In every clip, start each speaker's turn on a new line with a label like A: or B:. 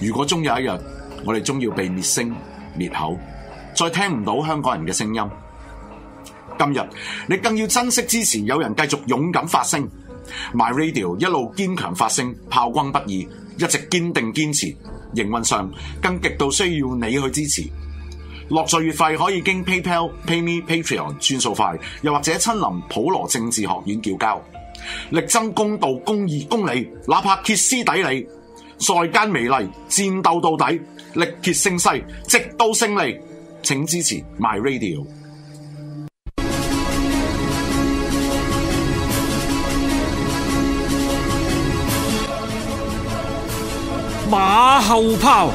A: 如果終有一日，我哋終要被滅聲滅口，再聽唔到香港人嘅聲音，今日你更要珍惜，支持有人繼續勇敢發聲。My Radio 一路堅強發聲，炮轟不二，一直堅定堅持。營運上更極度需要你去支持。落載月費可以經 PayPal、PayMe、Patreon 轉數快，又或者親臨普羅政治學院叫交。力爭公道，公義公理，哪怕歇斯底里，在間美利，戰鬥到底，力竭勝勢，直到勝利，請支持 My Radio。
B: 馬後炮。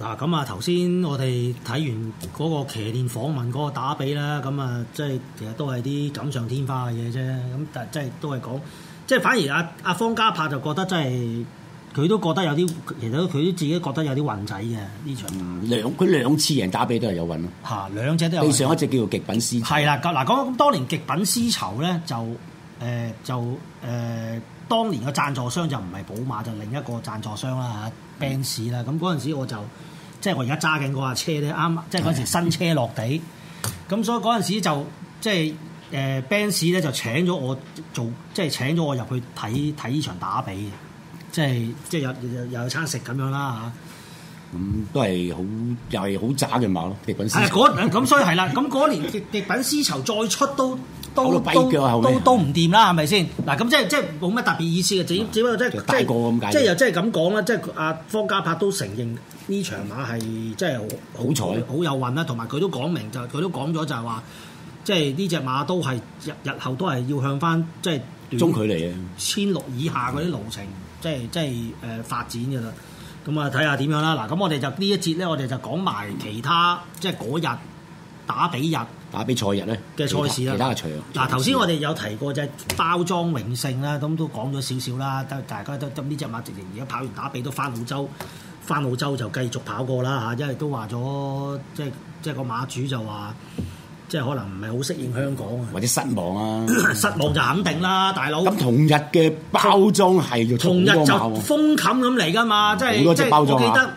B: 嗱，咁啊，頭先我哋睇完嗰個騎練訪問嗰個打比啦，咁啊，即係其實都係啲錦上添花嘅嘢啫。咁、啊、但係即係都係講，即、就、係、是、反而阿、啊、阿方家柏就覺得真係，佢都覺得有啲，其實佢自己覺得有啲運
A: 仔嘅呢場。兩佢兩次贏打比都係有運咯。吓、啊，兩隻都有。上一隻叫做極品絲綢。
B: 係啦、啊，嗱，講咁多年極品絲綢咧，就誒、呃，就誒。呃呃當年嘅贊助商就唔係寶馬，就另一個贊助商啦嚇 Benz 啦。咁嗰陣時我就，即係我而家揸緊嗰架車咧，啱即係嗰時新車落地。咁唉唉 所以嗰陣時就即係誒、呃、Benz 咧就請咗我做，即係請咗我入去睇睇呢場打比，即係即係又又有餐食咁樣啦嚇。
A: 咁、啊嗯、都係好又係好渣嘅馬咯，極品絲。係嗰
B: 咁，所以係啦。咁嗰年極極品絲綢再出都，都都唔掂啦，係咪先？嗱，咁即係即係冇乜特別意思嘅，只只不過個即係即係又即係咁講啦，即係阿方嘉柏都承認呢場馬係、嗯、即係好彩、好運有運啦，同埋佢都講明都就，佢都講咗就係話，即係呢隻馬都係日日後都係要向翻即係中距離啊，千六以下嗰啲路程，嗯、即係即係誒發展嘅啦。咁啊，睇下點樣啦。嗱，咁我哋就呢一節咧，我哋就講埋其他，即係嗰日打比日。打比
A: 賽日咧嘅他賽事啦、啊，其他嘅場。嗱，頭先我
B: 哋有提過就係、是、包裝榮勝啦，咁都講咗少少啦。都，大家都咁呢隻馬直情而家跑完打比都返澳洲，返澳洲就繼續跑過啦吓，因為都話咗，即係即係個馬主就話，即、就、係、是、可能
A: 唔係好適應香港啊，或者失望啊。 失望就肯定啦，大佬。咁同日嘅包裝係要同日就
B: 封冚咁嚟噶嘛，即係好多隻包裝啊。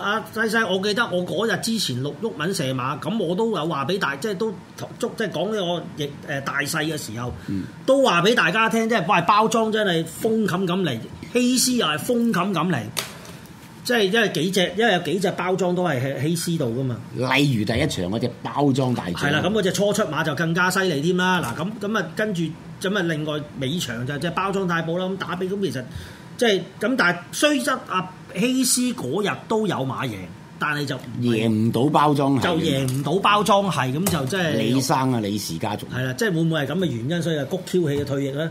B: 阿西西，我記得我嗰日之前錄毓民射馬，咁我都有話俾大，即係都捉，即係講呢個誒大細嘅時候，都話俾大家聽，即係話包裝真係封冚咁嚟，希斯又係封冚咁嚟，即係因為幾隻，因為有幾隻包裝都係喺希斯度噶嘛。例如第一場嗰隻包裝大裝，係啦，咁嗰隻初出馬就更加犀利添啦。嗱，咁咁啊，跟住咁啊，另外尾場就即係包裝大步啦。咁打比咁其實即係咁，但係雖則啊！希斯嗰日都有馬贏，但係就，就贏唔到包裝，麼就贏唔到包裝係咁就即、是、係李生啊，李氏家族係啦，即係會唔會係咁嘅原因，所以啊谷挑起嘅退役咧？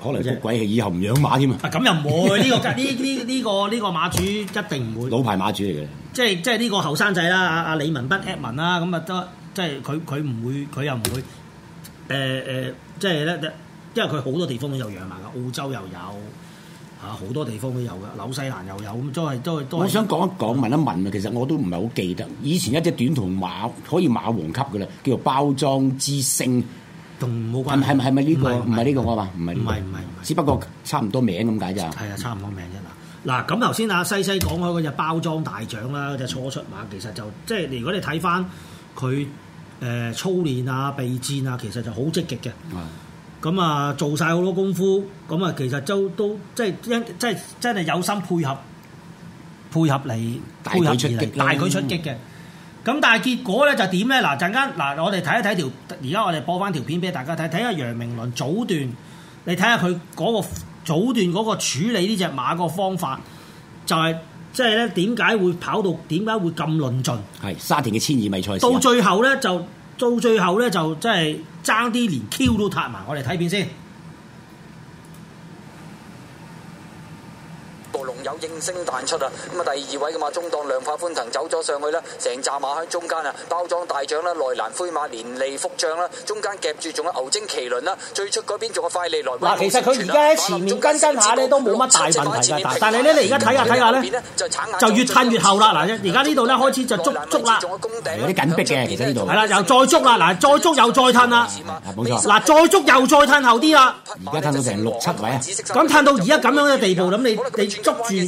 B: 可能谷鬼氣，以後唔
A: 養馬添、就是、啊！咁又唔會呢、 這個呢
B: 呢呢個呢、這個這個馬主一
A: 定唔會老牌馬主嚟嘅，
B: 即係即係呢個後生仔啦，阿啊李文斌 Edmond 啦，咁啊得即係佢佢唔會佢又唔會誒誒、呃、即係咧，因為佢好多地方都有養馬㗎，澳洲又有。嚇好多地方都有嘅，紐西蘭又有，咁都係都係都我想
A: 講一講問一問啊，其實我都唔係好記得以前一隻短途馬可以馬王級嘅啦，叫做包裝之星」係嗯，同冇關係。係係咪呢個？唔係呢個我話，唔係、呢個。唔係唔係，唔係只不過差唔多名咁解咋。係啊，差唔多名啫嘛。
B: 嗱咁頭先阿西西講開嗰隻包裝大獎啦，嗰隻初出馬其實就即係如果你睇翻佢誒操練啊備戰啊，其實就好、呃、積極嘅。嗯咁啊，做晒好多功夫，咁啊，其實都都即係即係真係有心配合，配合嚟配合出擊，大舉出擊嘅。咁但係結果咧就點咧？嗱陣間嗱，我哋睇一睇條，而家我哋播翻條片俾大家睇，睇下楊明倫早段，你睇下佢嗰個早段嗰個處理呢隻馬個方法，就係、是、即係咧點解會跑到
A: 點解會咁論盡？係沙田嘅千二米賽事，到最
B: 後咧就。到最後咧，就真係爭啲連 Q 都塌埋，我哋睇片先。
C: 應聲彈出啊！咁啊，第二位嘅嘛，中檔亮發歡騰走咗上去啦，成扎馬喺中間啊，包裝大獎啦，內欄灰馬連利福將啦，中間夾住仲有牛精麒麟啦，最出嗰邊仲有快利來。嗱，其實佢而家喺
B: 前面跟跟下咧都冇乜大問題嘅，但係咧你而家睇下睇下咧，就越褪越後啦！嗱，而家呢度咧開始就捉捉啦，有啲緊逼嘅，其實呢度係啦，又再捉啦，嗱，再捉又
A: 再褪啦，
D: 嗱，冇
A: 錯，
B: 再捉又再褪後啲啦。
A: 而家褪到成六七位啊！
B: 咁褪到而家咁樣嘅地步，咁你你捉住？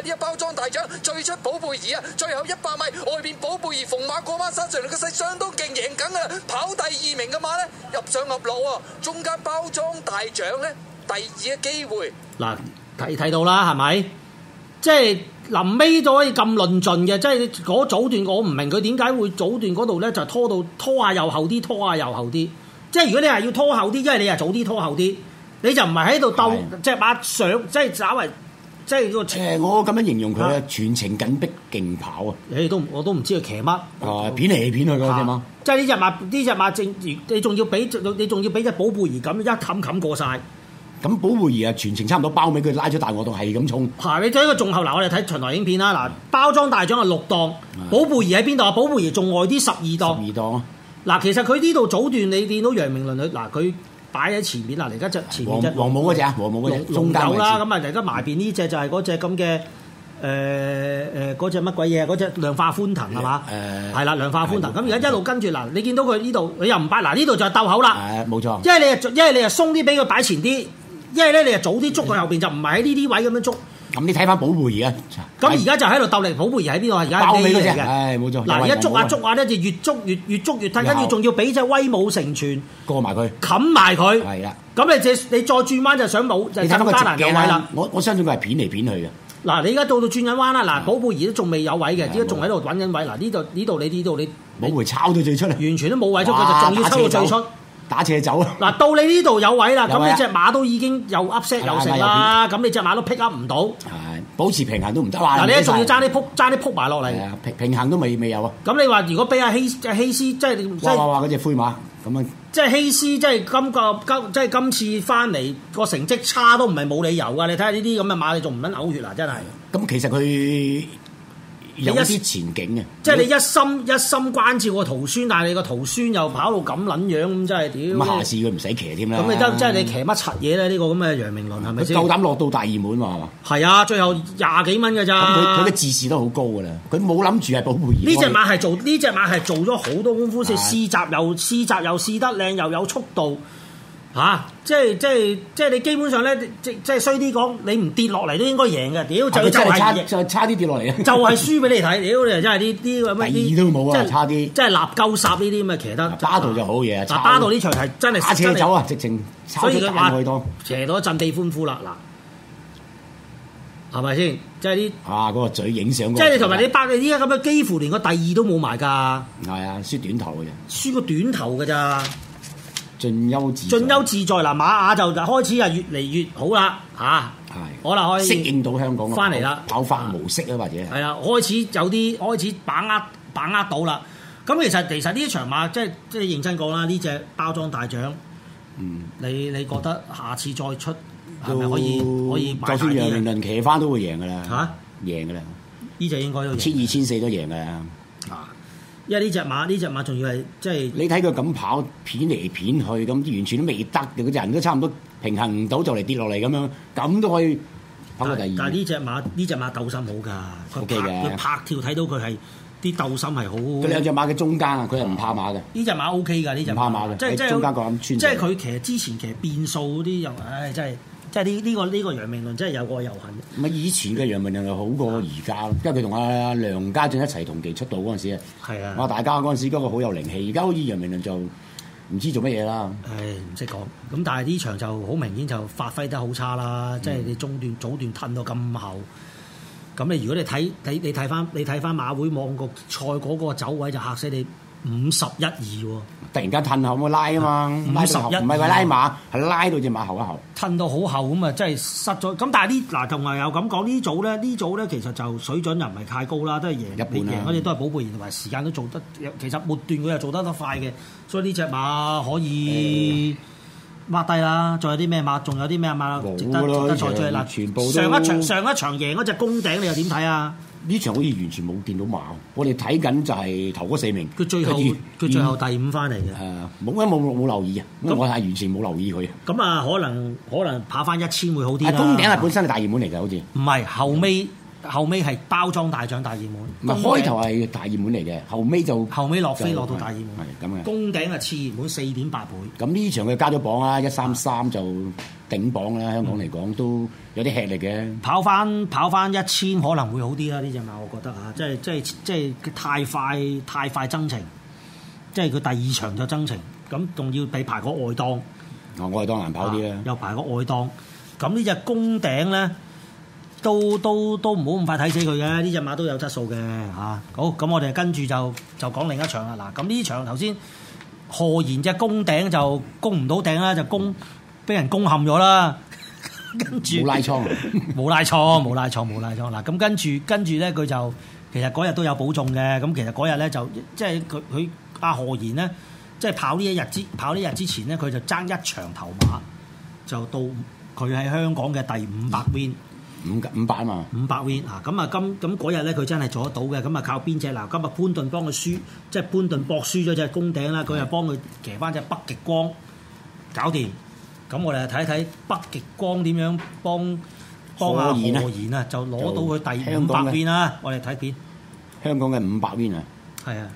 C: 呢一包裝大獎，最出寶貝兒啊！最後一百米，外邊寶貝兒，逢馬過馬身上嚟，個勢相當勁，贏緊噶啦！跑第二名嘅馬咧，入上入落喎，中間包裝大獎咧，第二嘅機會。
B: 嗱，睇睇到啦，係咪？即係臨尾都可以咁論盡嘅，即係你嗰早段我唔明佢點解會早段嗰度咧就拖到拖下又後啲，拖下又後啲。即係如果你係要拖後啲，因為你係早啲拖後啲，你就唔係喺度鬥，即係把相即係作為。即係、這個，誒、欸，我咁樣形容佢啊，全程緊逼競跑啊！誒，都我都唔知佢騎乜，係、啊，偏嚟偏去㗎嘛。啊、即係呢隻馬，呢隻馬正，你仲要俾，你仲要俾隻寶貝兒咁一冚冚過晒。咁寶貝兒啊，全程差唔多包尾，佢拉咗大我檔係咁衝。係、啊，你睇個眾後嗱，我哋睇《巡邏影片》啦，嗱，包裝大將啊六檔，寶貝兒喺邊度啊？寶貝兒仲外啲十二檔。十二檔。嗱，其實佢呢度早段你見到楊明倫佢嗱佢。擺喺前面嗱，而家就前面隻、就是、黃黃嗰隻啊，黃母嗰隻中間嗰隻啦，咁啊，而家埋邊呢隻就係嗰隻咁嘅誒誒嗰隻乜鬼嘢嗰隻量化寬騰係嘛？誒係啦，量化寬騰咁而家一路跟住嗱，呃、你見到佢呢度你又唔擺嗱，呢度就係竇口鬥口啦，冇、呃、錯。因為你因為你啊鬆啲俾佢擺前啲，因為咧你啊早啲捉佢，後邊、嗯、就唔係喺呢啲位咁樣捉。咁你睇翻寶貝兒啊！咁而家就喺度鬥嚟，寶貝兒喺邊度？而家包尾嗰隻，唉，
A: 冇錯。嗱，而家捉下捉下
B: 咧，就越捉越越捉越，睇緊要仲要俾隻威武成全過埋佢，冚埋佢。係啦，咁你即係你再轉彎就想冇，就咁嘅折難嘢啦。
A: 我我相信佢係片嚟片去
B: 嘅。嗱，你而家到到轉緊彎啦，嗱，寶貝兒都仲未有位嘅，而家仲喺度揾緊位。嗱，呢度呢度你呢度你，寶貝抄到最出嚟，完全都冇位出，佢就仲要抽到最出。打斜走嗱，到你呢度有位啦位，咁你隻馬都已經又 upset 又成啦，咁你隻馬都 pick up 唔到，係保持平衡都唔得。嗱，你仲要揸啲撲揸啲撲埋落嚟，平衡都未未有啊！咁你話如果俾阿希阿希斯即係哇哇哇嗰隻灰馬咁啊，即係希斯即係今個今即係今次翻嚟個成績差都唔係冇理由噶，你睇下呢啲咁嘅馬你仲唔撚嘔血啊？真係
A: 咁其實佢。有啲前景嘅，即係你一
B: 心一心關照個徒孫，但係你個徒孫又跑到咁撚樣，咁真係點！咁下次佢
A: 唔使騎添啦。咁你得，即係
B: 你騎乜柒嘢咧？呢、呢個咁嘅楊明倫係咪先？嗯、是是夠膽落
A: 到大二門喎，係嘛？
B: 係啊，最後廿幾蚊嘅咋？佢佢嘅自
A: 視都好高㗎啦。佢冇諗住係保
D: 護。呢隻馬係
B: 做呢隻馬係做咗好多功夫，是啊、試試閘又試閘又試得靚，又有速度。嚇、啊！即係即係即係你基本上咧，即即係衰啲講，你唔跌落嚟都應該贏嘅。屌，
A: 就差啲跌落嚟啊！
B: 就係輸俾你睇，屌、啊、你真係呢啲咁嘅第二都冇啊！即係差啲，即係立鳩殺呢啲咁嘅騎得。揸到就好嘢啊！揸到呢場
A: 係真係打車走啊！直情所以佢打到，
B: 斜到，一陣地歡呼喇。嗱，
A: 係咪先？即係啲，啊，嗰個嘴影相，即係同埋你，
B: 依家咁樣幾乎連個第二都冇埋㗎。係啊，輸短頭嘅啫，輸個短頭嘅咋。盡優自在，嗱，馬啊就開始啊越嚟越好啦吓，係、啊，的我嗱可以適應
A: 到香港翻嚟啦，跑法模式啊或者係啊，
B: 開始有啲開始把握把握到啦。咁其實其實呢場馬即係即係認真講啦，呢隻包裝大獎，嗯，你你覺得下次再出係咪就可以可以就算兩連
A: 輪騎翻都會贏噶啦嚇？啊、贏噶啦，呢隻應該都贏，千二千四都贏噶啊！因為呢隻馬，呢隻馬仲要係即係你睇佢咁跑，片嚟片去咁，完全都未得嘅。佢隻人都差唔多平衡唔到，就嚟跌落嚟咁樣，咁都可以跑過第二。但係呢隻馬，呢隻馬鬥心好㗎，佢拍佢、OK、的拍，拍
B: 跳睇到佢係
A: 啲鬥心係好。佢兩隻馬嘅中間啊，佢係唔怕馬嘅。呢隻馬 O K 㗎，呢隻唔怕馬嘅，即係即係中間個咁穿。即
B: 係佢其實之前其實變數嗰啲又唉，真係。即係呢呢個呢個楊明倫真係有個遊行。
A: 咁啊，以前嘅楊明倫又好過而家咯，係啊。因為佢同阿梁家俊一齊同期出道嗰陣時啊，哇係啊。大家嗰陣時嗰個好有靈氣。而家好似楊明倫就唔知做乜嘢啦。誒唔識講。
B: 咁但係呢場就好明顯就發揮得好差啦。即係你中段早、嗯、段褪到咁後，咁你如果你睇你你睇翻你睇翻馬會網局賽果嗰個走位就嚇死你。五十一二喎，突然間褪後冇拉啊嘛，五十一唔係話拉馬，
A: 係拉到隻馬後一後，
B: 褪到好後咁啊，真係失咗。咁但係呢嗱，同埋又咁講呢組咧，呢組咧其實就水準又唔係太高啦，都係贏冇贏嗰隻都係寶貝，同埋時間都做得。其實末段佢又做得得快嘅，所以呢隻馬可以挖低啦。仲有啲咩馬？仲有啲咩馬？冇噶啦，全部上一場上
A: 一場贏嗰隻公頂，你又點睇啊？呢場好似完全冇見到馬，我哋睇緊就係頭嗰四名。佢最後佢最後第五返嚟嘅。誒、呃，冇啊，冇冇冇留意啊，咁、嗯、我係完全冇留意佢。咁啊，可能可能跑返一千會好啲啦。峯頂係、啊、本身係大熱門嚟嘅，好似
B: 唔係後屘。嗯後尾係包裝大獎大熱門，唔係開頭係
A: 大熱門嚟嘅，後尾就後尾落飛，就係、落到大熱門，係咁嘅。宮
B: 頂啊，次熱門四點八倍。
A: 咁呢場佢加咗榜啊，一三三就頂榜啦。香港嚟講、嗯、都有啲吃力嘅。
B: 跑返跑返一千可能會好啲啦，呢隻馬我覺得嚇，即係即係即係太快太快增程。即係佢第二場就增程，咁仲要俾排個外檔，外檔難跑啲啊，又排個外檔，咁、啊、呢隻宮頂咧。都都都唔好咁快睇死佢嘅，呢隻馬都有質素嘅嚇。好，咁我哋跟住就就講另一場啦。嗱，咁呢場頭先何然只攻頂就攻唔到頂啦，就攻俾人攻陷咗啦。 跟住着冇拉倉，冇 拉倉，冇拉倉，冇拉倉。嗱，咁跟住跟住咧，佢就其實嗰日都有保重嘅。咁其實嗰日咧就即係佢佢阿何然咧，即係跑呢一日之跑呢日之前咧，佢就爭一場頭馬，就到佢喺香港嘅第五百 win
A: 五五百嘛，五
B: 百 win 啊！咁啊，今咁日咧，佢真係做得到嘅。咁啊，靠邊隻嗱？今日潘頓幫佢輸，即係潘頓博輸咗隻宮頂啦。佢又幫佢騎翻隻北極光，搞掂。咁我哋睇一睇北極光點樣幫
A: 幫阿何然啊，就攞到佢第五百 win 啊！
B: 我哋睇片。
A: 香港嘅五百 win 啊！係啊！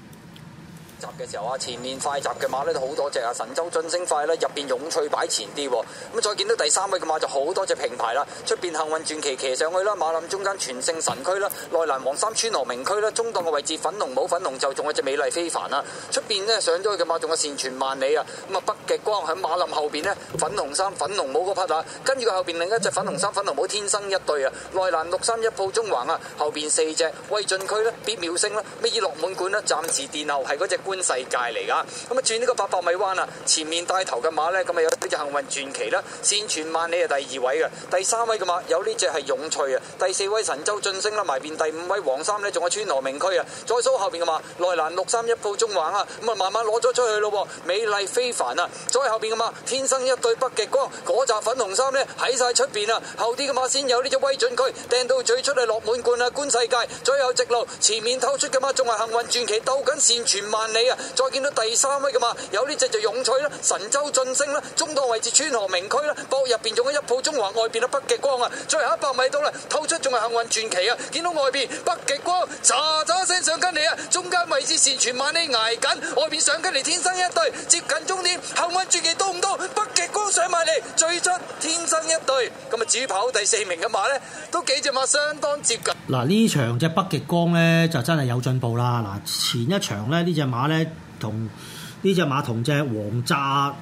C: 嘅時候啊，前面快閘嘅馬咧都好多隻啊，神州晉升快啦，入邊勇翠擺前啲，啊，咁再見到第三位嘅馬就好多隻平排啦，出邊幸運傳奇騎上去啦，馬林中間全勝神駒啦，內欄黃三穿河明駒啦，中檔嘅位置粉紅帽、粉紅就仲有隻美麗非凡啦，啊，出邊呢，上咗去嘅馬仲有善傳萬里啊，咁啊北極光喺馬林後邊呢，粉紅衫、粉紅帽嗰匹啊，跟住佢後邊另一隻粉紅衫、粉紅帽天生一對啊，內欄綠三一抱中橫啊，後邊四隻威駿區呢，必秒星啦，啊、咩以落滿冠啦，啊，暫時墊後係嗰隻冠。世界嚟噶，咁啊轉呢個八百米彎啊，前面帶頭嘅馬呢，咁啊有呢隻幸運傳奇啦，善傳萬里啊第二位嘅，第三位嘅馬有呢隻係勇翠啊，第四位神州晉升啦埋邊，第五位黃衫呢，仲有川羅明區啊，再數後邊嘅馬，內欄六三一步中環啊，咁啊慢慢攞咗出去咯，美麗非凡啊，再後邊嘅馬天生一對北極光，嗰紮粉紅衫呢，喺晒出邊啊，後啲嘅馬先有呢隻威進區，掟到最出係落滿貫啊，觀世界，最後直路前面偷出嘅馬仲係幸運傳奇，鬥緊善傳萬里啊！再見到第三位嘅馬，有呢隻就勇取啦，神洲進升啦，中檔位置川河明區啦，博入邊仲有一鋪中華，外邊嘅北極光啊，最後一百米到啦，透出仲係幸運傳奇啊！見到外邊北極光，喳喳聲上緊嚟啊，中間位置善存萬呢挨緊，外邊上緊嚟天生一對，接近終點幸運傳奇多唔多？北極光上埋嚟，最出天生一對，咁啊至於跑第四名嘅馬呢，都幾隻馬相當接近。
B: 嗱呢場隻北極光呢就真係有進步啦。嗱前一場呢呢隻馬呢。同呢隻馬同隻黃炸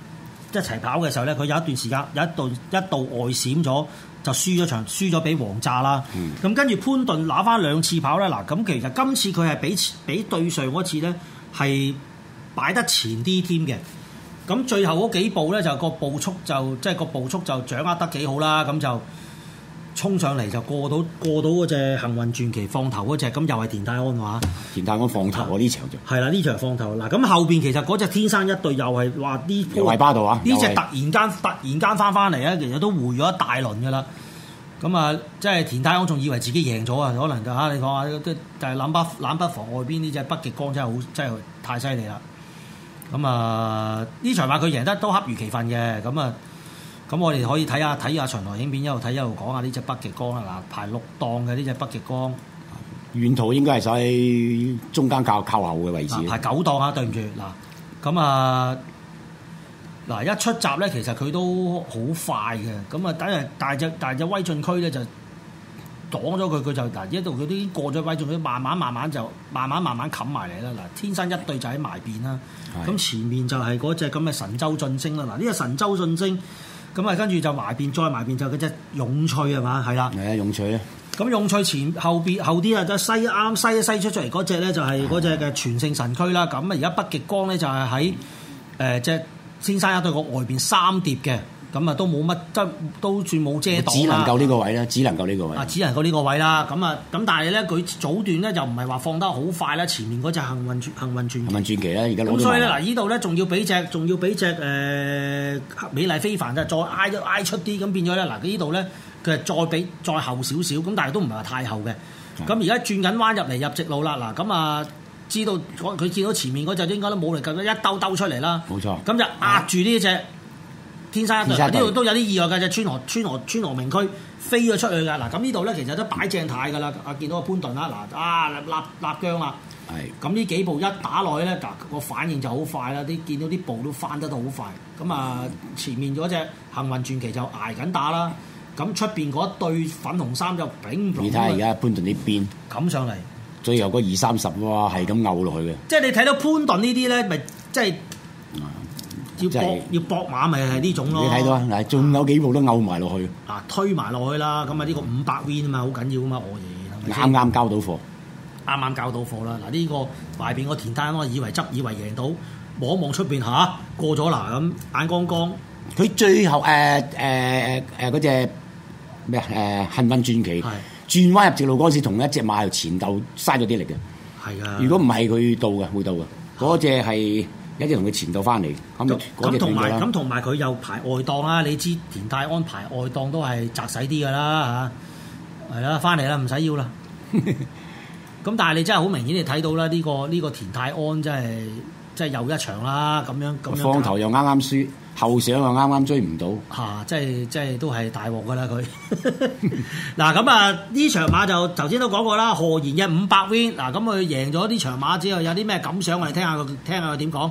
B: 一齊跑嘅時候咧，佢有一段時間有一度一度外閃咗，就輸咗場，輸咗畀黃炸啦。咁、嗯、跟住潘頓拿翻兩次跑咧，嗱咁其實今次佢係比比對上嗰次咧係擺得前啲添嘅。咁最後嗰幾步咧就個步速就即係個步速就掌握得幾好啦。咁就。衝上嚟就過到過到嗰隻幸運傳奇放頭嗰隻，咁又係田泰安話。田泰安放頭呢、啊、場就。係啦，呢場放頭嗱，咁、啊、後邊其實嗰隻天生一對又係話呢波喺巴度啊，呢隻突然間是突然間翻翻嚟啊，其實都回咗一大輪噶啦。咁啊，即係田泰安仲以為自己贏咗啊，可能就係。嚇你講下都就係冷不冷不防外邊呢隻北極光真係好真係太犀利啦。咁啊，呢場話佢贏得都恰如其分嘅，咁啊。咁我哋可以睇下睇下巡邏影片，一路睇一路講一下呢隻北極光啦。嗱，排六檔嘅呢隻北極光，
A: 遠途應該係喺中間較靠，靠後嘅位置。排九檔啊，對唔住嗱。咁啊嗱，
B: 一出閘咧，其實佢都好快嘅。咁啊，等啊大隻大隻，大隻威進區咧就擋咗佢，佢就嗱一度，佢都已經過咗威進區，仲要慢慢慢慢就慢慢慢慢冚埋嚟啦。嗱，天生一對就喺埋邊啦。咁是的 前面就係嗰隻咁嘅神州進升啦。嗱，呢隻神州進升。咁啊，跟住就埋邊再埋邊，就嗰隻勇翠係咪，係啦。係啊，勇翠啊。咁勇翠前後邊後啲啊，即係西啱西一西出出嚟嗰隻咧，就係嗰隻嘅全盛神區啦。咁啊、嗯，而家北極光咧就係喺誒隻先生一對個外邊三疊嘅。咁啊，都冇乜，即都算冇遮擋只能夠呢
A: 個位啦，只能夠呢個位。啊，
B: 只能夠呢個位啦。咁啊，咁但係咧，佢早段咧就唔係話放得好快啦。前面
A: 嗰隻幸運幸運轉幸運轉奇啦，而家攞咗。咁所以嗱，
B: 依度咧仲要俾隻，仲要俾隻誒美麗非凡啊！再挨一挨出啲，咁變咗咧，嗱，呢度咧，佢係再俾再後少少，咁但係都唔係話太後嘅。咁而家轉緊彎入嚟入直路啦，嗱，咁啊，知道佢佢見到前面嗰隻應該都冇力咁一兜兜出嚟啦。冇錯。咁、嗯、就壓住呢隻。天山呢度都有啲意外㗎，隻川河川河川河名區飛咗出去㗎。嗱，咁呢度咧其實都擺正太㗎啦。啊，見到潘頓啦，嗱，啊，立立僵啦。係。咁呢幾步一打落去咧，嗱，個反應就好快啦。啲見到啲步都翻得都好快。咁啊，前面嗰隻幸運傳奇就挨緊打啦。咁出邊嗰對粉紅衫就頂住。你睇下而家
A: 潘頓啲邊，咁上嚟，最後嗰二三十喎，係咁拗落去嘅。
B: 即係你睇到潘頓呢啲咧，咪即係。嗯要搏要搏馬咪係呢種咯，嗯，你睇到啊？
A: 嗱，仲有幾步都漚埋落去，
B: 嗱，推埋落去啦。咁啊，呢個五百 win 啊嘛，好緊要啊嘛，我哋
A: 啱啱交到貨，
B: 啱啱交到貨啦。嗱，啊，呢、呢個外邊個田單，我以為執以為贏到，望望出邊吓，過咗啦。咁，啊，眼光光，
A: 佢最後誒誒誒嗰隻咩誒幸運傳奇，是轉彎入直路嗰時，同一隻馬前頭嘥咗啲力嘅，係啊的。如果唔係佢到嘅，會到嘅嗰隻係。一直同佢前到翻嚟，咁同埋咁
B: 同埋佢又排外檔啦。你知田泰安排外檔都係窄使啲噶啦嚇，係啦，翻嚟啦，唔使要啦。咁但係你真係好明顯，你睇到啦，呢個呢個田泰安真係真係又一場啦。咁樣咁，放頭
A: 又啱啱輸，後上又啱啱追唔到，嚇！
B: 即係即係都係大鑊噶啦佢。嗱咁啊，呢場馬就頭先都講過啦。何言嘅五百 win 嗱，咁佢贏咗呢場馬之後，有啲咩感想？我哋聽下佢，聽下佢點講。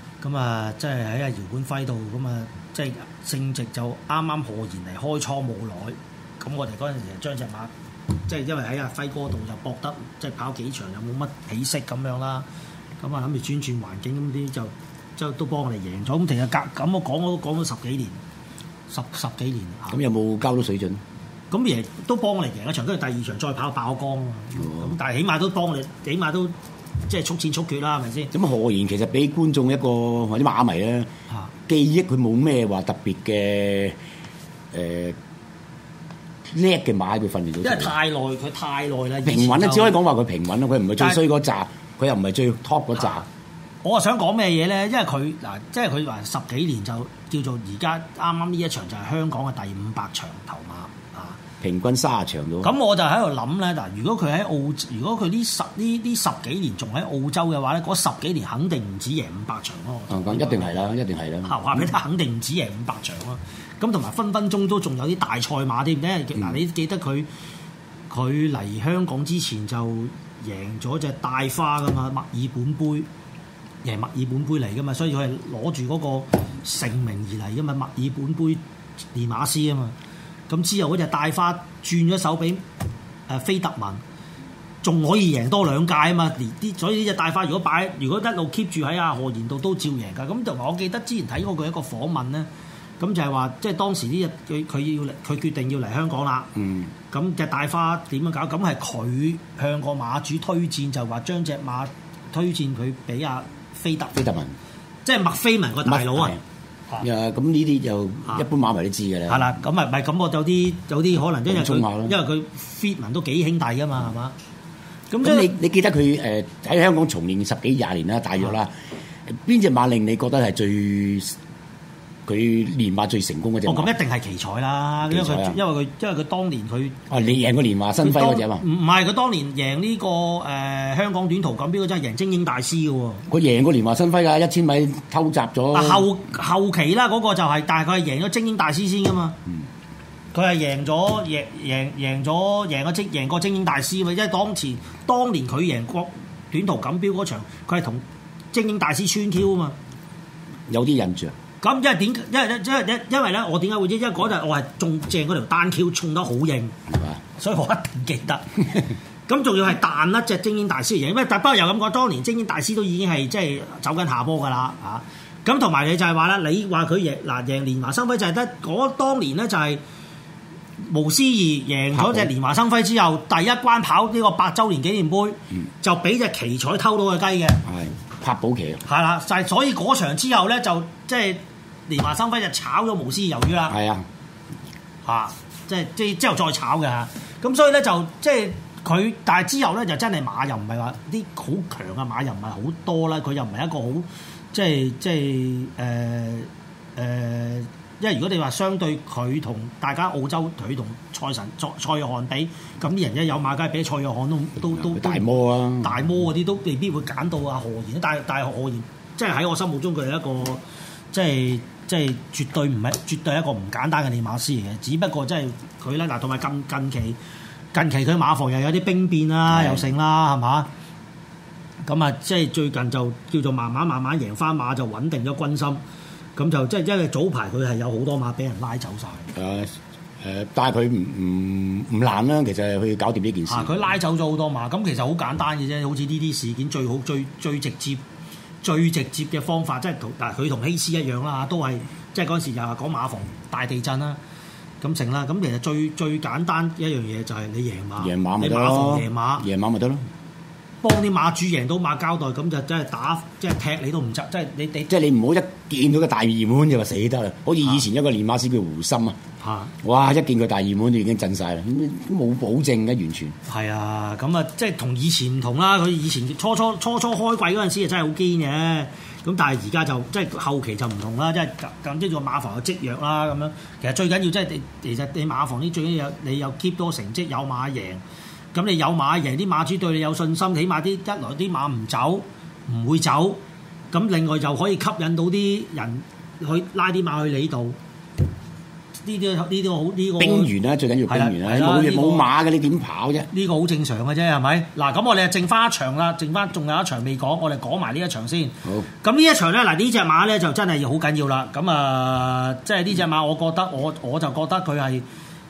B: 咁啊、嗯，即係喺阿姚本輝度，咁啊，即係勝績就啱啱賀然嚟開倉冇耐。咁我哋嗰陣時將隻馬，即係因為喺阿輝哥度就搏得，即係跑幾場又冇乜起色咁樣啦。咁啊諗住轉轉環境，咁啲就即係都幫我哋贏咗咁停日隔。咁、嗯、我講我都講咗十幾年，十十幾年。咁
A: 有冇交到水準？咁亦、嗯、
B: 都幫我哋贏咗場，跟住第二場再跑爆缸啊！咁、嗯、但係起碼都幫你，起碼都。即係速戰速
A: 決啦，係咪先？咁何然其實俾觀眾一個或者馬迷咧、啊、記憶，佢冇咩話特別嘅誒叻嘅馬，佢訓練到。因為太
B: 耐，佢太耐啦。平穩咧，只可
A: 以講話佢平穩咯。佢唔係最衰嗰扎，佢又唔係最 top 嗰扎。
B: 我又想講咩嘢咧？因為佢嗱，即係佢話十幾年就叫做而家啱啱呢一場就係香港嘅第五百場頭馬
A: 啊！平均卅場到。咁
B: 我就喺度諗咧，嗱，如果佢喺澳洲，如果佢呢十呢呢十幾年仲喺澳洲嘅話咧，嗰十幾年肯定唔止贏五百場咯、嗯嗯。
A: 一定係啦，一定係啦。嚇！話俾你聽
B: 肯定唔止贏五百場咯。咁同埋分分鐘都仲有啲大賽馬添咧。嗱、嗯，你記得佢佢嚟香港之前就贏咗隻大花噶嘛？墨爾本杯，贏墨爾本杯嚟噶嘛？所以佢係攞住嗰個盛名而嚟噶嘛？墨爾本杯年馬師啊嘛。咁之後嗰隻大花轉咗手俾誒菲特文，仲可以贏多兩屆啊嘛！連啲所以呢隻大花如果擺，如果一路 keep 住喺阿何賢度都照贏㗎。咁同埋我記得之前睇過佢一個訪問咧，咁就係話即係當時呢隻佢佢要嚟，佢決定要嚟香港啦。嗯。咁隻大花點樣搞？咁係佢向個馬主推薦，就話將隻馬推薦佢俾阿菲特菲特文，文即係麥菲文個大佬啊！
A: 呀！咁呢啲就一般馬迷都知嘅啦。係啦，咁咪咪咁，我有啲有啲可能都因為因
B: 為佢 fit 民都幾兄弟嘅嘛，係嘛、嗯？
A: 咁、就是、你你記得佢誒喺香港從練十幾廿年啦，大約啦，邊隻是的 馬令你覺得係最？佢年華最成功嗰隻嘛？哦，咁一
B: 定係奇才啦！因為佢、奇才啊、因為佢因為佢當年佢
A: 啊，你贏過年華新輝嗰隻嘛？
B: 唔係，佢當年贏呢、這個誒、呃、香港短途錦標嗰陣係贏精英大
A: 師嘅喎、啊。佢贏過年華新輝㗎，一千米偷襲咗。後
B: 後期啦，嗰、那個就係、是，但係佢係贏咗精英大師先㗎嘛。佢係、嗯、贏咗贏贏贏咗贏個精贏過精英大師，因為當前當年佢贏過短途錦標嗰場，佢係同精英大師穿挑啊嘛。嗯、
A: 有啲印象。
B: 咁因為點，因為因為因為咧，我點解會知？因為嗰陣我係中正嗰條單 Q 衝得好硬，係
A: 嘛？
B: 所以我一定記得。咁仲要係彈一隻精英大師贏，因為但不過又咁講，當年精英大師都已經係即係走緊下坡噶、啊、啦，嚇。咁同埋你就係話咧，你話佢贏嗱贏連華生輝就係、是、得我當年咧就係無思義贏咗隻連華生輝之後，第一關跑呢個八週年紀念杯就俾隻奇彩偷到個雞嘅，係拍寶奇、啊。係啦，就係所以嗰場之後咧，就即係。年華生輝就炒咗無私魷魚啦，係啊，嚇，即係即係之後再炒嘅嚇。咁所以咧就即係佢，但係之後咧就真係馬又唔係話啲好強嘅馬又，又唔係好多啦。佢又唔係一個好即係即係誒誒，因為如果你話相對佢同大家澳洲佢同蔡神蔡蔡約翰比，咁啲人一有馬梗俾蔡約翰都都都大摩啊，大摩！大摩嗰啲都未必會揀到阿何然。但係但係何然，即係喺我心目中佢係一個即係。即係絕對唔係，絕對係一個唔簡單嘅練馬師嚟嘅。只不過即係佢咧，嗱同埋近近期近期佢馬房又有啲兵變啦，又勝啦，係嘛？咁啊，是的 即係最近就叫做慢慢慢慢贏翻馬，就穩定咗軍心。咁就即係因為早排佢係有好
A: 多馬俾人拉走晒。誒誒、呃呃，但係佢唔唔唔難啦、啊，其實去搞掂呢件事。佢、啊、
B: 拉走咗好多馬，咁其實好簡單嘅啫。好似呢啲事件最好最最直接。最直接嘅方法，即係同嗱佢同希斯一樣啦，都係即係嗰陣時又係講馬房大地震啦，咁成啦。咁其實最最簡單一樣嘢就係你
A: 贏馬，贏馬咪得咯。馬馬贏馬咪得咯，
B: 幫啲馬主贏到馬交代，咁就
A: 真係打即係踢你都唔窒，即係你哋。你即係你唔好一見到個大熱門就話死得啦，啊、好似以前一個練馬師叫胡森啊。嚇！哇！一見佢大二門，你已經震晒啦！都冇保證嘅，完全。
B: 係啊，咁啊，即係同以前唔同啦。佢以前初初初初開季嗰陣時啊，真係好堅嘅。咁但係而家就即係後期就唔同啦。即係咁即係做馬房嘅積弱啦咁樣。其實最緊要即係你其實你馬房啲最緊要你有 keep 多成績，有馬贏。咁你有馬贏，啲馬主對你有信心，起碼啲一來啲馬唔走，唔會走。咁另外就可以吸引到啲人去拉啲馬去你度。呢啲呢啲好呢個兵源啊，
D: 最緊要兵源啊，冇人冇馬
B: 嘅，你點跑啫？呢個好正常嘅啫，係咪？嗱，咁我哋啊剩翻一場啦，剩翻仲有一場未講，我哋講埋呢一場先。好。咁呢一場咧，嗱呢隻馬咧就真係要好緊要啦。咁啊，即係呢隻馬，我覺得我我就覺得佢係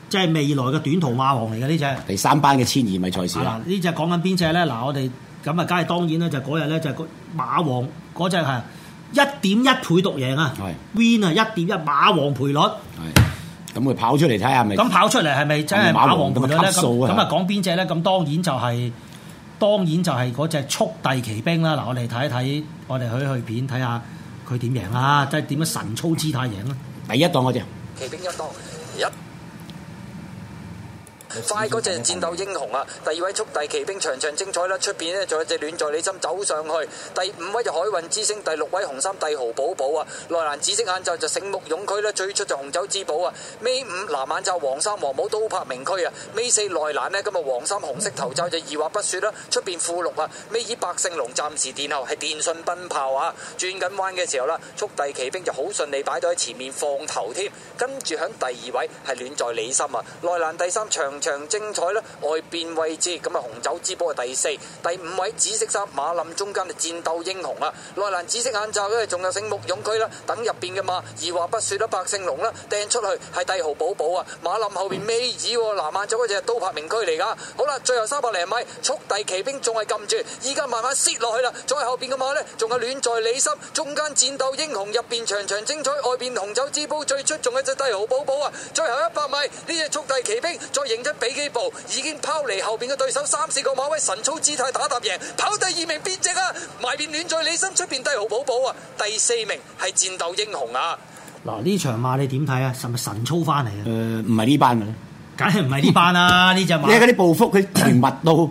B: 即係未來嘅短途馬王嚟嘅呢隻。隻
A: 第三班嘅千二米賽事。嗱、啊，隻隻
B: 呢隻講緊邊隻咧？嗱，我哋咁啊，梗係當然啦，就嗰日咧就馬王嗰隻係一點一倍獨贏啊是，win 啊一點一馬
A: 王賠率。係。咁佢跑出嚟睇下，未？咁跑出嚟係咪真係馬王咗咧？咁咁啊，
B: 講邊隻咧？咁當然就係、是，當然就係嗰隻速遞奇兵啦！嗱，我哋睇一睇，我哋去去片睇下佢點贏啦，即係點樣神操姿態贏啦！第
A: 一檔嗰隻奇兵一
C: 檔一，快嗰隻戰鬥英雄啊！雄第二位速遞騎兵，場場精彩啦！出邊呢，仲有隻暖在你心走上去，第五位就海運之星，第六位紅衫帝豪寶寶啊！內蘭紫色眼罩就醒目勇區啦，最出就紅酒之寶啊！尾五藍眼罩黃衫黃帽都拍名區啊！尾四內蘭呢，今日黃衫紅色頭罩就二話不說啦！出邊副六啊，尾二百姓龍暫時墊後係電信奔炮啊！轉緊彎嘅時候啦，速遞騎兵就好順利擺到喺前面放頭添，跟住響第二位係暖在你心啊！內蘭第三長。場精彩啦，外邊位置咁啊，紅酒之波係第四、第五位，紫色衫馬林中間就戰鬥英雄啊。內欄紫色眼罩咧，仲有醒目勇駒啦。等入邊嘅馬，二話不說啦，百勝龍啦掟出去係帝豪寶寶啊。馬林後邊尾子，南萬祖嗰隻刀拍名駒嚟噶。好啦，最後三百零米，速遞騎兵仲係撳住，依家慢慢跌落去啦。再後邊嘅馬咧，仲係亂在你心中間戰鬥英雄入邊，場場精彩，外邊紅酒之波最出眾嘅隻帝豪寶寶啊，最後一百米呢隻速遞騎兵再迎。比基部已經拋離後邊嘅對手三四個馬位，神操姿態打突贏，跑第二名邊隻啊！埋面亂在你心，出邊低豪寶寶啊！第四名係戰鬥英雄啊！
B: 嗱，呢場馬你點睇啊？係咪神操翻嚟啊？誒、呃，唔係呢班嘅咧，梗係唔係呢班啊？呢、啊、 隻馬，你睇嗰啲
A: 步幅，佢全密到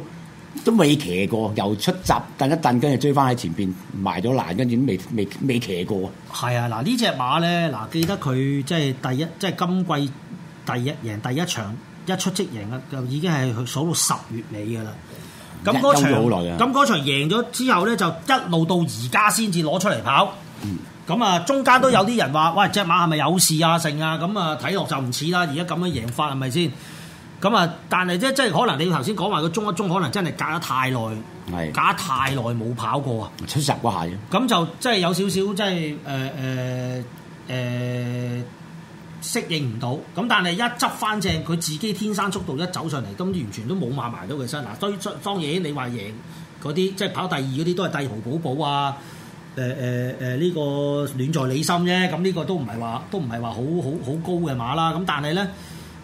A: 都未騎過，又出閘頓一頓，跟住追翻喺前邊埋咗欄，跟住都未未未騎過。
B: 係啊！嗱，呢隻馬咧，嗱，記得佢即係第一，即係今季第一贏第一場。一出即贏啦，就已經係去數到十月尾嘅啦。
D: 咁嗰場，咁嗰
B: 場贏咗之後咧，就一路到而家先至攞出嚟跑。咁啊、嗯，中間都有啲人話，嗯、喂，隻馬係咪有事啊？剩啊？咁啊，睇落就唔似啦。而家咁樣贏法係咪先？咁啊、嗯，但係即即係可能你頭先講埋個中一中，可能真係隔得太耐，係是隔太耐冇跑過啊。出
A: 十個蟹啫。
B: 咁就即係有少少，即係誒誒誒。呃呃呃呃適應唔到，咁但係一執翻正，佢自己天生速度一走上嚟，咁完全都冇馬埋到佢身。嗱，當然當然你話贏嗰啲，即係跑第二嗰啲都係帝豪寶寶啊，誒誒誒呢個暖在你心啫。咁、這、呢個都唔係話都唔係話好好好高嘅馬啦。咁但係咧，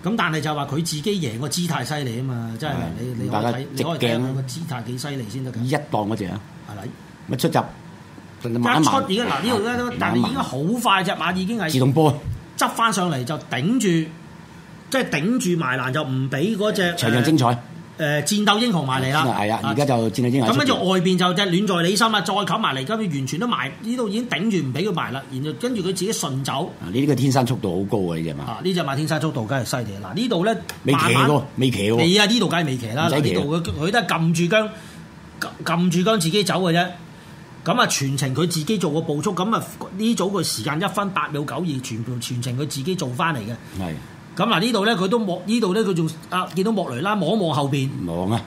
B: 咁但係就話佢自己贏個姿態犀利啊嘛，即係的你你我睇你可以睇佢個姿態幾犀利先得
A: 㗎。一檔嗰隻係咪？咪的出閘？買一買出而家嗱呢度咧，但係而家
B: 好快隻馬已經係自動波。執翻上嚟就頂住，即係頂住埋欄就唔俾嗰隻。場場精彩。誒、呃、戰鬥英雄埋嚟啦，係啊！而家
A: 就戰鬥英雄。咁跟住
B: 外邊就隻暖在你心啊，再扣埋嚟，今次完全都埋呢度已經頂住唔俾佢埋啦，然後跟住佢自己順走。你
A: 呢、啊呢個天生速度好高啊！呢隻嘛。呢、這、
B: 隻、個、馬天生速度梗係犀利啦！嗱，呢度咧，未騎喎，未騎喎。係啊！呢度梗係未騎啦，呢度佢都係撳住姜，撳住姜自己走嘅啫。咁啊，全程佢自己做個步速，咁啊呢組佢時間一分八秒九二，全部全程佢自己做翻嚟嘅。係的。咁，嗱呢度咧，佢都莫呢度咧，佢仲啊見到莫雷拉，望一望
A: 後邊望啊。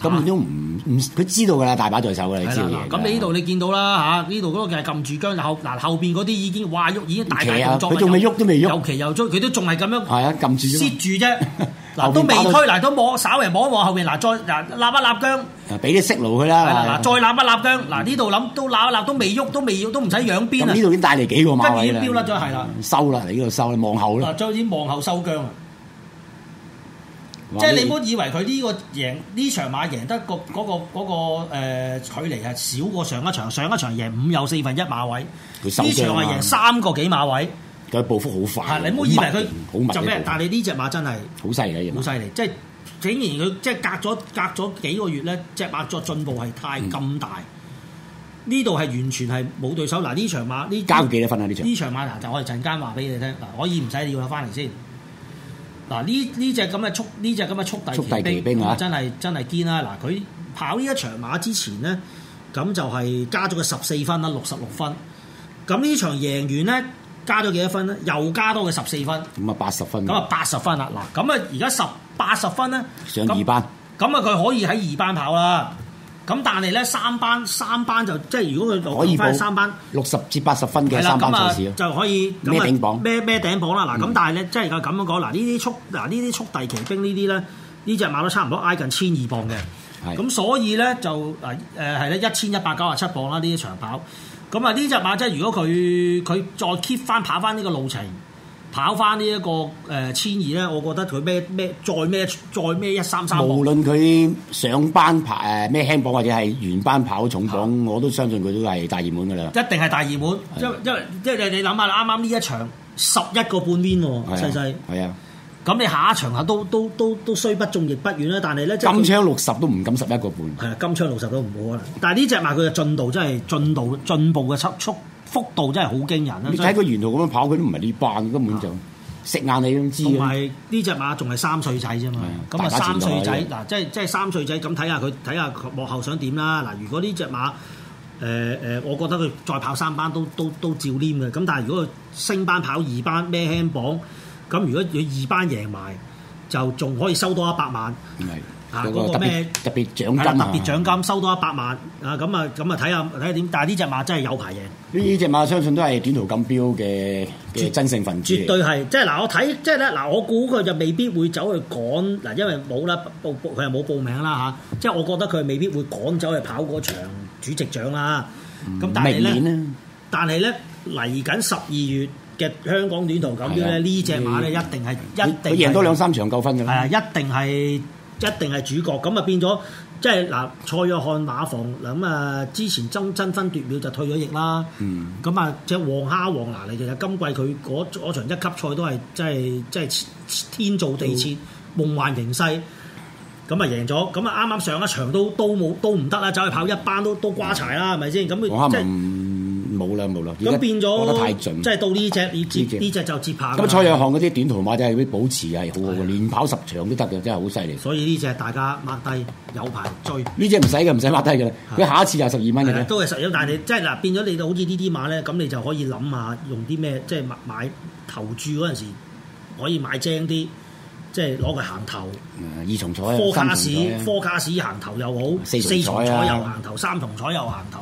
A: 咁都唔唔，佢知道㗎啦，大把在手㗎。你知咁你呢度
B: 你見到啦吓，呢度嗰個係撳住姜，後嗱後邊嗰啲已經哇喐已經大大動作，佢仲未喐都未喐，又騎又追，佢都仲係咁樣係啊撳住，蝕住啫。嗱，都未推，嗱都摸，稍微摸一摸後面，嗱再嗱立一立姜，
A: 嗱俾啲息路佢啦。嗱，
B: 再立一立姜，嗱呢度諗都立一立都未喐，都未喐，都唔使揚鞭啊！呢度已經帶
A: 嚟幾個馬位啦。真已經丟甩咗，係啦，收啦，呢度收望後啦。嗱，將先望後收姜啊！即係你唔好
B: 以為佢呢個贏呢場馬贏得個嗰個嗰個誒距離係少過上一場，上一場贏五又四分一馬位，呢場係贏三個幾馬位。佢報復好快，你唔好以為佢好密就咩。幅但係你呢隻馬真係好犀利，好犀利，馬 即係竟然佢即係隔咗隔咗幾個月咧，隻馬再進步係太咁大。呢度係完全係冇對手嗱。呢、啊、場馬呢加幾
A: 多分啊？呢場呢場
B: 馬嗱，就、啊、我係陣間話俾你聽嗱，可以唔使你要啦，翻嚟先嗱。呢呢隻咁嘅速呢隻咁嘅速第速第騎兵啊真，真係真係堅啦嗱。佢、啊、跑呢一場馬之前咧，咁就係加咗個十四分啦，六十六分。咁呢場贏完咧。加咗幾多分咧？又加多個十四分。咁啊，八十分。咁啊，八十分啦。嗱，咁啊，而家十八十分咧。上二班。咁啊，佢可以喺二班跑啦。咁但係咧，三班三班就即係如果佢可以翻三班，
A: 六十至八十分嘅三班賽事。係啦了，咁啊
B: 就，就可以咩頂磅？咩咩就頂磅啦！嗱，咁、嗯、但係咧，即係而家咁樣講嗱，呢啲速嗱呢啲速遞騎兵呢啲咧，呢隻馬都差唔多挨近千二磅嘅。係的。咁所以咧就嗱誒係咧一千一百九十七磅啦，呢啲長跑。咁啊！呢隻馬即係如果佢佢再 keep 翻跑翻呢個路程，跑翻呢一個誒千二咧，我覺得佢咩咩再咩再咩一三三磅，無
A: 論佢上班跑誒咩輕磅或者係原班跑重磅，我都相信佢都係大熱門噶啦。
B: 一定係大熱門，因因為即係你你諗下啱啱呢一場十一個半邊細細，係啊。咁你下一場啊，都都都都雖不中亦不遠啦，但
A: 係咧金槍六十都唔敢十一個半。係
B: 啊，金槍六十都唔好可能。但係呢隻馬佢嘅進度真係進度，進，度進步嘅速速幅度真係好驚人啦！你睇佢沿途咁樣跑，佢都唔係呢班，根
A: 本就食硬你都知。同埋
B: 呢隻馬仲係三歲仔
A: 啫嘛，咁啊的三歲仔嗱，
B: 即係即係三歲仔，咁睇下佢睇下佢，睇下睇下幕後想點啦。嗱，如果呢隻馬誒誒、呃呃，我覺得佢再跑三班都都都，都照黏嘅。咁但係如果佢升班跑二班咩輕磅？咁如果佢二班贏埋，就仲可以收多一百萬。
A: 係、嗯，啊嗰、嗰個咩特，特別獎金、啊、特別獎
B: 金收多一百萬，啊咁啊咁啊睇下睇下點？但係呢隻馬真係有排贏。
A: 呢呢隻馬相信都係短途錦標嘅嘅真性粉絲。絕
B: 對係，即係嗱，我睇即係咧嗱，我估佢就未必會走去趕嗱，因為冇啦，報佢又冇報名啦嚇。即、嗯、係、即係、我覺得佢未必會趕走去跑嗰場主席獎啦。嗯。咁但係咧，但係咧嚟緊十二月。嘅香港短途咁樣咧，呢隻馬咧一定係一定贏多兩三場夠分嘅，係啊，一定係一定係主角。咁啊變咗即係嗱，蔡約翰馬房嗱咁啊，之前爭爭分奪秒就退咗役啦。嗯，咁啊，隻旺蝦王拿嚟其實今季佢嗰場一級賽都係即係真係天造地設，夢幻形勢。咁啊贏咗，咁啊啱啱上一場都都冇都唔得啦，走去跑一班都都瓜柴啦，係咪先？咁佢即係。
A: 冇啦，冇啦。咁變咗，即係
B: 到呢隻，呢隻隻就接拍。咁蔡約翰
A: 嗰啲短途馬真係保持係好喎，的連跑十場都得嘅，真係好犀利。所以呢隻
B: 大家抹低有排追。
A: 呢隻唔使嘅，唔使抹低嘅。佢的下一次又十二蚊嘅都係十一，
B: 但係你即係嗱變咗你，好似呢啲馬咧，咁你就可以諗下用啲咩，即係買投注嗰陣時可以買精啲，即係攞佢行頭。
A: 二重彩、三重彩、科卡士、科
B: 卡士行頭又好，四重彩又、啊、行頭，三重彩又行頭。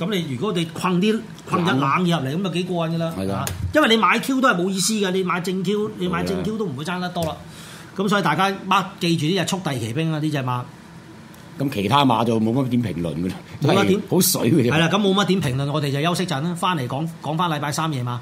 B: 咁你如果我哋困啲困一，困一冷嘢入嚟，咁就幾過癮噶啦，係啊，因為你買 Q 都係冇意思嘅，你買正 Q，你買正 Q 都唔會爭得多啦。咁係啊，所以大家乜記住呢隻速遞騎兵啊，呢隻馬。咁其他
A: 馬就冇乜點評論噶啦，冇乜點好水嘅。係啦，
D: 咁冇乜點評論，我哋就休息陣啦，翻嚟講講翻禮拜三夜馬！